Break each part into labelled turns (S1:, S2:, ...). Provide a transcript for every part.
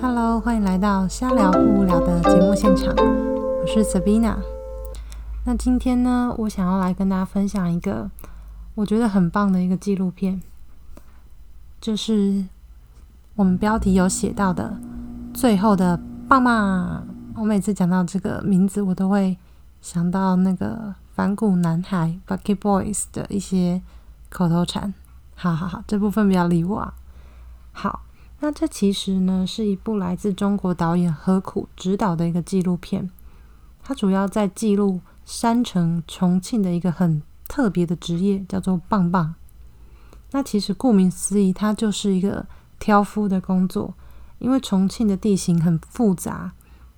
S1: Hello，歡迎來到瞎聊不無聊的節目現場，我是 Sabina。那今天呢，我想要來跟大家分享一個我覺得很棒的一個紀錄片，就是我們標題有寫到的《最後的棒棒》。我每次講到這個名字，我都會想到那個反骨男孩 Bucky Boys 的一些口頭禪，哈哈哈。這部分不要理我啊。好，那這其實呢是一部來自中國導演何苦執導的一個紀錄片。它主要在記錄山城重慶的一個很特別的職業，叫做“棒棒”。那其實顧名思義，它就是一個挑夫的工作。因為重慶的地形很複雜，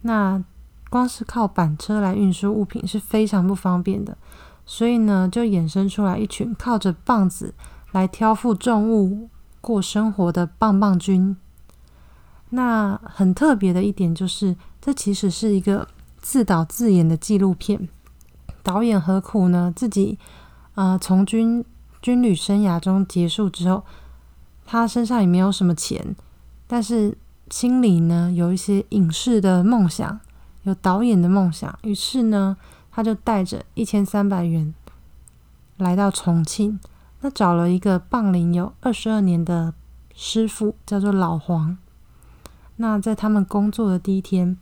S1: 那光是靠板車來運輸物品是非常不方便的，所以呢就衍生出來一群靠着棒子來挑負重物。過生活的棒棒軍。那很特別的一點就是，這其實是一個自導自演的紀錄片。導演何苦呢，自己，啊、呃，從軍軍旅生涯中結束之後，他身上也沒有什麼錢，但是心裡呢，有一些影視的夢想，有導演的夢想。於是呢，他就帶着一千三百元來到重慶。他找了一個棒齡有二十二年的師傅，叫做老黃。那在他們工作的第一天，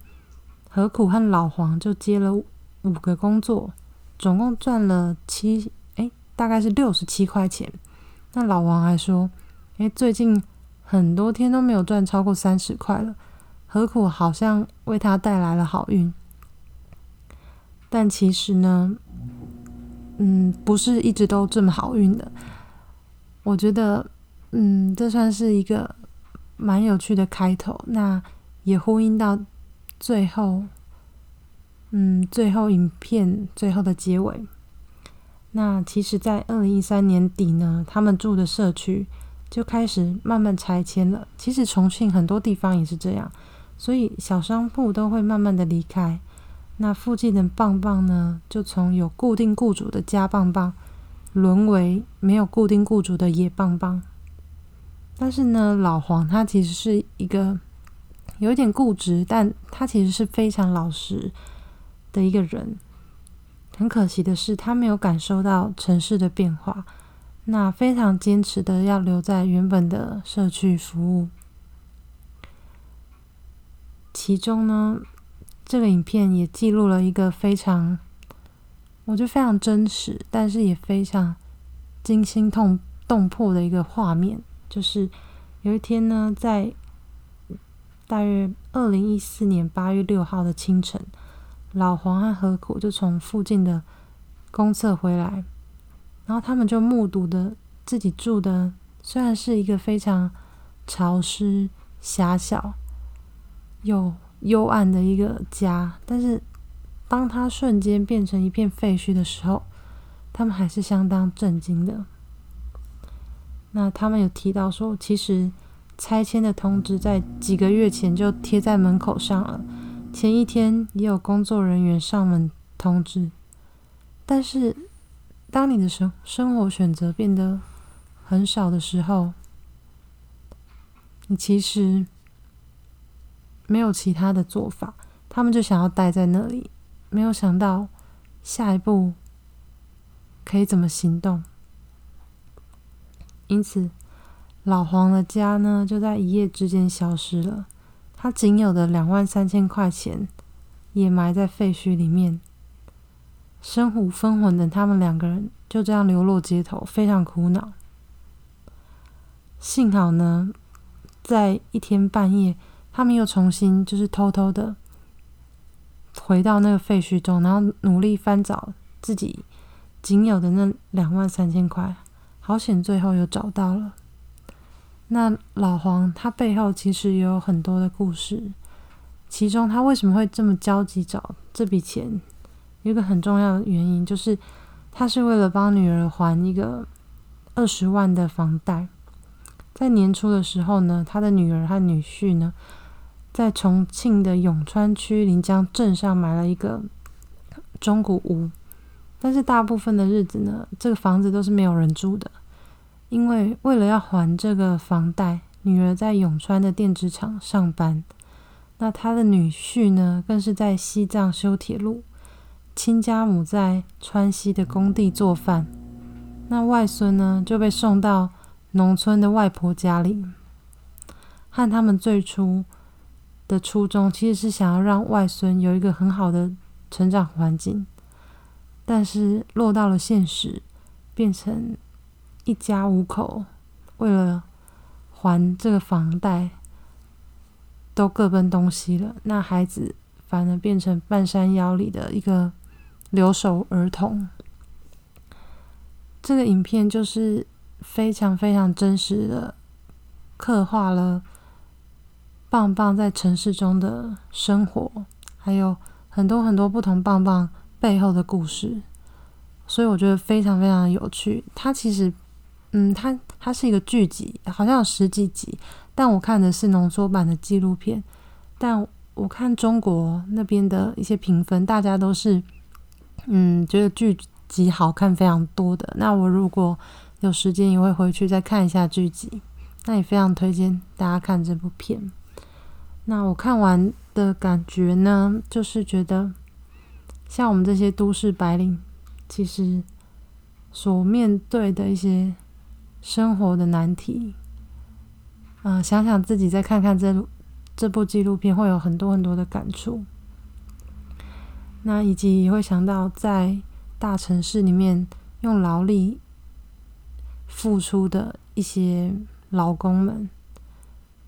S1: 何苦和老黃就接了五,五個工作，總共賺了七哎，大概是六十七塊錢。那老黃還說：“哎，最近很多天都沒有賺超過三十塊了，何苦好像為他帶來了好運。”但其實呢，嗯，不是一直都這麼好運的。我覺得，嗯，這算是一個蠻有趣的開頭。那也呼應到最後，嗯，最後影片最後的結尾。那其實，在二零一三年底呢，他們住的社區就開始慢慢拆遷了。其實，重慶很多地方也是這樣，所以小商鋪都會慢慢的離開。那附近的棒棒呢，就從有固定僱主的家棒棒。淪為沒有固定雇主的野棒棒，但是呢，老黃他其實是一個有點固執，但他其實是非常老實的一個人。很可惜的是，他沒有感受到城市的變化，那非常堅持的要留在原本的社區服務。其中呢，這個影片也記錄了一個非常。我就非常真實，但是也非常驚心痛動魄的一個畫面，就是有一天呢，在大約二零一四年八月六號的清晨，老黃和何苦就從附近的公廁回來，然後他們就目睹的自己住的雖然是一個非常潮濕、狹小又幽暗的一個家，但是。當他瞬間變成一片廢墟的時候，他們還是相當震驚的。那他們有提到說，其實拆遷的通知在幾個月前就貼在門口上了啊，前一天也有工作人員上門通知。但是，當你的生生活選擇變得很少的時候，你其實沒有其他的做法，他們就想要待在那裡。沒有想到，下一步可以怎麼行動？因此，老黃的家呢，就在一夜之間消失了。他僅有的兩萬三千塊錢也埋在廢墟裡面，身無分文的他們兩個人就這樣流落街頭，非常苦惱。幸好呢，在一天半夜，他們又重新就是偷偷的。回到那個廢墟中，然後努力翻找自己僅有的那兩萬三千塊，好險，最後又找到了。那老黃他背後其實也有很多的故事，其中他為什麼會這麼焦急找這筆錢？有一個很重要的原因就是，他是為了幫女兒還一個二十萬的房貸。在年初的時候呢，他的女兒和女婿呢，在重慶的永川區臨江鎮上買了一個中古屋，但是大部分的日子呢，這個房子都是沒有人住的。因為為了要還這個房貸，女兒在永川的電子廠上班；那她的女婿呢，更是在西藏修鐵路；親家母在川西的工地做飯；那外孫呢，就被送到農村的外婆家裡，和他們最初的初衷其實是想要讓外孫有一個很好的成長環境，但是落到了現實，變成一家五口為了還這個房貸都各奔東西了。那孩子反而變成半山腰裡的一個留守兒童。這個影片就是非常非常真實的刻畫了。棒棒在城市中的生活，還有很多很多不同棒棒背後的故事，所以我覺得非常非常有趣。它其實，嗯，它它是一個劇集，好像有十幾集，但我看的是濃縮版的紀錄片。但我看中國那邊的一些評分，大家都是，嗯，覺得劇集好看非常多的。那我如果有時間，也會回去再看一下劇集。那也非常推薦大家看這部片。那我看完的感覺呢，就是覺得像我們這些都市白領，其實所面對的一些生活的難題，啊、呃，想想自己再看看這這部紀錄片，會有很多很多的感觸。那以及也會想到，在大城市裡面用勞力付出的一些勞工們，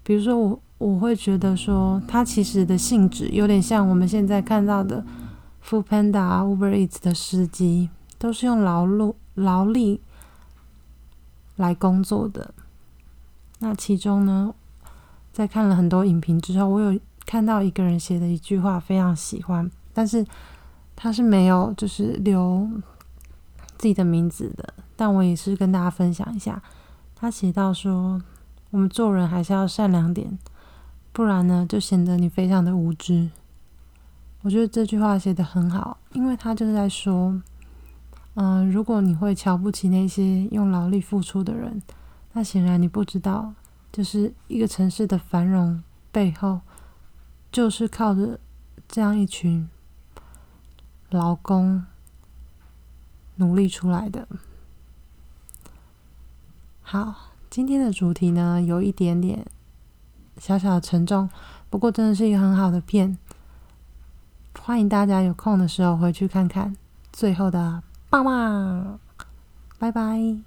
S1: 比如說我。我會覺得說，他其實的性質有點像我們現在看到的 Food Panda、Uber Eats 的司機，都是用勞碌勞力來工作的。那其中呢，在看了很多影評之後，我有看到一個人寫的一句話，非常喜歡，但是他是沒有就是留自己的名字的。但我也是跟大家分享一下，他寫到說：“我們做人還是要善良點。”不然呢，就顯得你非常的無知。我覺得這句話寫得很好，因為他就是在說，嗯、呃，如果你會瞧不起那些用勞力付出的人，那顯然你不知道，就是一個城市的繁榮背後，就是靠着這樣一群勞工努力出來的。好，今天的主題呢，有一點點。小小的沉重，不過真的是一個很好的片，歡迎大家有空的時候回去看看。最後的棒棒，拜拜。